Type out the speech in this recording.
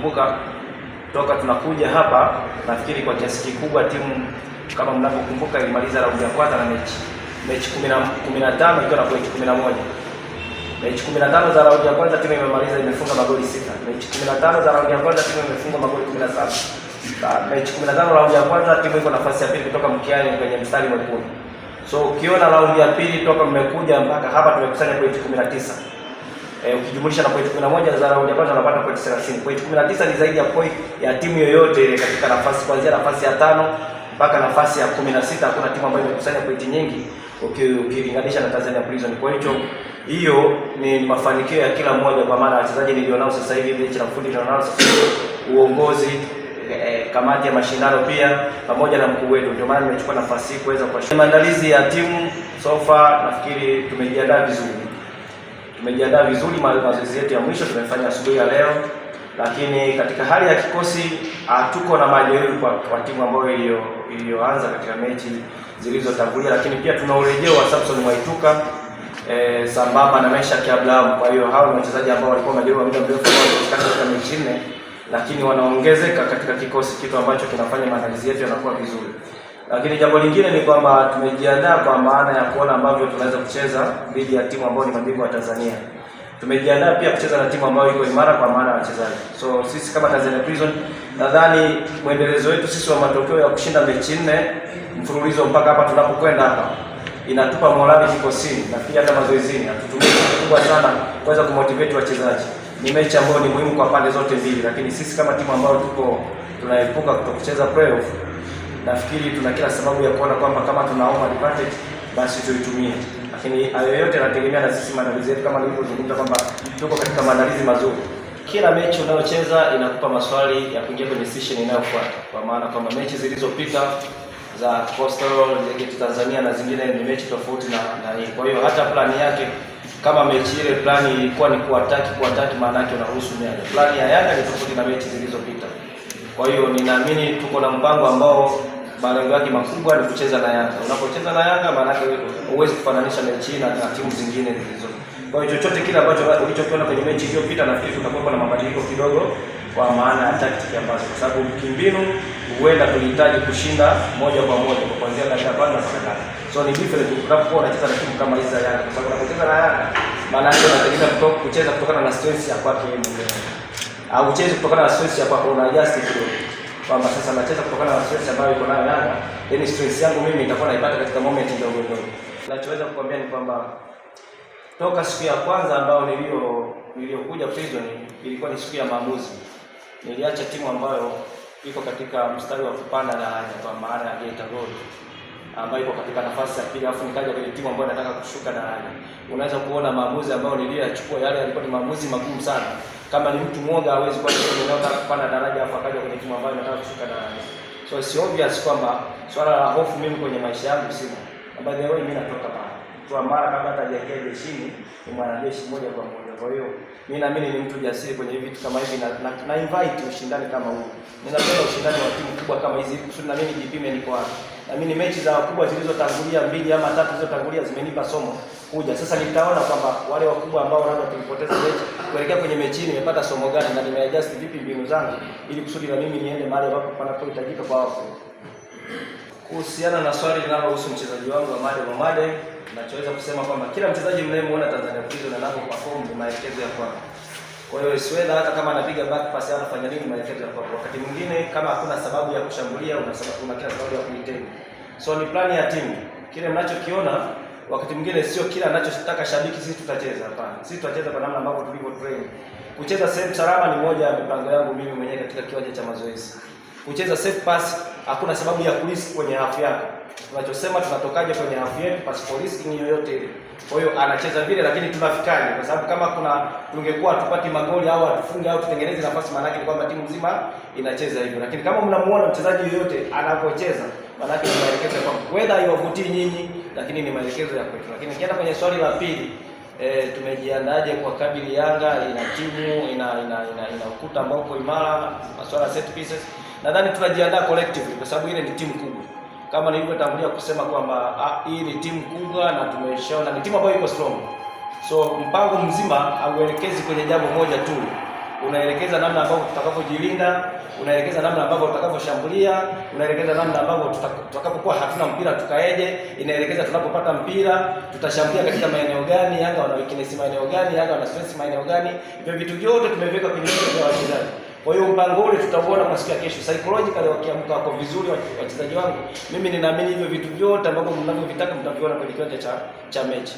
Nakumbuka toka tunakuja hapa, nafikiri kwa kiasi kikubwa timu kama mnavyokumbuka ilimaliza raundi ya kwanza na mechi mechi 15 ikiwa na pointi 11. Mechi 15 za raundi ya kwanza timu imemaliza imefunga magoli sita. Mechi 15 za raundi ya kwanza timu imefunga magoli 17. Mechi 15 raundi ya kwanza timu iko nafasi ya pili kutoka mkiani kwenye mstari mwekundu. So ukiona raundi ya pili toka mmekuja mpaka hapa tumekusanya pointi 19 eh, ukijumlisha na pointi 11 za Zara hujapata unapata pointi 30. Pointi 19 ni zaidi ya point ya timu yoyote ile katika nafasi kuanzia nafasi ya tano mpaka nafasi ya 16 hakuna timu ambayo imekusanya pointi nyingi ukilinganisha na Tanzania Prison. Kwa hiyo hiyo ni mafanikio ya kila mmoja, kwa maana wachezaji nilionao sasa hivi, benchi la fundi tunao sasa hivi, uongozi eh, eh, kamati ya mashindano pia pamoja na mkuu wetu. Ndio maana nimechukua nafasi hii kuweza kwa Maandalizi ya timu so far nafikiri tumejiandaa vizuri. Tumejiandaa vizuri, mazoezi yetu ya mwisho tumefanya asubuhi ya leo, lakini katika hali ya kikosi hatuko ah, na majeruhi kwa, kwa timu ambayo iliyoanza katika mechi zilizotangulia, lakini pia tuna urejeo wa Samson Mwaituka e, sambamba na Meshack Abraham. Kwa hiyo hao ni wachezaji ambao walikuwa majeruhi muda mrefu katika mechi nne, lakini wanaongezeka katika kikosi, kitu ambacho kinafanya maandalizi yetu yanakuwa vizuri. Lakini jambo lingine ni kwamba tumejiandaa kwa maana ya kuona ambavyo tunaweza kucheza dhidi ya timu ambayo ni mabingwa wa Tanzania. Tumejiandaa pia kucheza na timu ambayo iko imara kwa maana ya wachezaji. So sisi kama Tanzania Prison, nadhani mwendelezo wetu sisi wa matokeo ya kushinda mechi nne mfululizo mpaka hapa tunapokwenda hapa inatupa morali kikosini, na pia hata mazoezini hatutumii kubwa sana kuweza kumotivate wachezaji. Ni mechi ambayo ni muhimu kwa pande zote mbili, lakini sisi kama timu ambayo tuko tunaepuka kutokucheza playoff nafikiri tuna kila sababu ya kuona kwamba kama tuna advantage basi tuitumie, lakini hayo yote yanategemea na sisi maandalizi yetu, kama nilivyozungumza kwamba tuko katika maandalizi mazuri. Kila mechi unayocheza inakupa maswali ya kuingia kwenye session inayofuata, kwa maana kwamba mechi zilizopita za Coastal Getu Tanzania na zingine ni mechi tofauti na na hii. Kwa hiyo hata plani yake kama mechi ile plani ilikuwa ni kuattack kuattack, maana yake unaruhusu mechi. Plani ya Yanga ni tofauti na mechi zilizopita. Kwa hiyo ninaamini tuko na mpango ambao malengo yake makubwa ni kucheza na Yanga. Unapocheza na Yanga, maana yake huwezi kufananisha mechi hii na timu zingine zilizo. Kwa hiyo chochote kile ambacho ulichokiona kwenye mechi iliyopita, nafikiri tutakuwa na mabadiliko kidogo, kwa maana ya tactic ambazo, kwa sababu kimbinu huenda tulihitaji kushinda moja kwa moja kwa kuanzia na Shabana na tatu. So ni different unapokuwa unacheza na timu kama hizi za Yanga, kwa sababu unapocheza na Yanga, maana yake unategemea kutoka kucheza kutokana na stress ya kwake mwenyewe au ucheze kutokana na stress ya kwako una adjust kidogo kwamba sasa nacheza kutokana na stress ambayo iko nayo Yanga, then yaani stress yangu mimi nitakuwa naipata katika moment ndogo ndogo. Nachoweza kukwambia ni kwamba toka siku ya kwanza ambayo nilio niliokuja prison ilikuwa ni siku ya maamuzi. Niliacha timu ambayo iko katika mstari wa kupanda daraja kwa maana ya Geita Gold ambayo iko katika nafasi ya pili, afu nikaja kwenye timu ambayo nataka kushuka daraja. Unaweza kuona maamuzi ambayo niliyoyachukua yale yalikuwa ni maamuzi magumu sana. Kama ni mtu mmoja hawezi sababu ndio kupanda daraja afu akaja kwenye timu ambayo nataka kushuka daraja. So it's obvious kwamba swala la hofu mimi kwenye maisha yangu sina. Na by the way mimi natoka pale. Tu ambara kabla hajaingia jeshini ni mwanajeshi moja kwa moja. Kwa hiyo mimi naamini ni mtu jasiri kwenye vitu kama hivi na, na, na invite ushindani kama huu. Ninapenda ushindani wa timu kubwa kama hizi kusudi na mimi jipime niko wapi na mimi ni mechi za wakubwa zilizotangulia mbili ama tatu zilizotangulia zimenipa somo kuja sasa, nitaona kwamba wale wakubwa ambao wanaanza tulipoteza mechi kuelekea kwenye mechi nimepata somo gani na nimeadjust vipi mbinu zangu ili kusudi na mimi niende mahali ambapo panapohitajika kwa wao. Kuhusiana na swali linalohusu mchezaji wangu Amade Mamade, ninachoweza kusema kwamba kila mchezaji mnayemwona Tanzania Prison na anapoperform ni maelekezo ya kwangu. Kwa hiyo Swela hata kama anapiga back pass au anafanya nini malekeo yanakuwa wakati mwingine kama hakuna sababu ya kushambulia una sababu una kila sababu ya kuitenga. So ni plan ya timu. Kile mnachokiona wakati mwingine sio kila anachotaka shabiki sisi tutacheza hapana. Sisi tutacheza kwa namna ambavyo tulivyo train. Kucheza safe salama ni moja ya mipango yangu mimi mwenyewe katika kiwanja cha mazoezi. Kucheza safe pass hakuna sababu ya kulisi kwenye afya yako. Tunachosema tunatokaje kwenye afya yetu pasipo risk yoyote ile. Kwa hiyo anacheza vile, lakini tunafikaje? Kwa sababu kama kuna tungekuwa tupati magoli au atufunge au tutengeneze nafasi, maana yake kwamba timu nzima inacheza hivyo. Lakini kama mnamuona mchezaji yoyote anapocheza, maana yake ni maelekezo ya kwamba whether iwavutii nyinyi, lakini ni maelekezo ya kwetu. Lakini kienda kwenye swali la pili, e, tumejiandaje kwa kabili Yanga ina timu ina ina ina, ina ukuta ambao uko imara, masuala set pieces, nadhani tunajiandaa collectively kwa sababu ile ni timu kubwa kama nilivyotangulia kusema kwamba ah, hii ni timu kubwa na tumeshaona ni timu ambayo iko strong. So mpango mzima hauelekezi kwenye jambo moja tu, unaelekeza namna ambavyo tutakapojilinda, unaelekeza namna ambavyo tutakavyoshambulia, unaelekeza namna ambavyo tutakapokuwa hatuna mpira tukaeje, inaelekeza tunapopata mpira tutashambulia katika maeneo gani, Yanga wana weakness maeneo gani, Yanga wana stress maeneo gani. Hivyo vitu vyote tumeviweka kwenye ya wachezaji. Kwa hiyo mpango ule tutauona kusikia kesho. Psychologically wakiamka wako vizuri wachezaji wangu. Mimi ninaamini hivyo vitu vyote ambavyo mnavyovitaka mtaviona kwenye kiwanja cha cha mechi.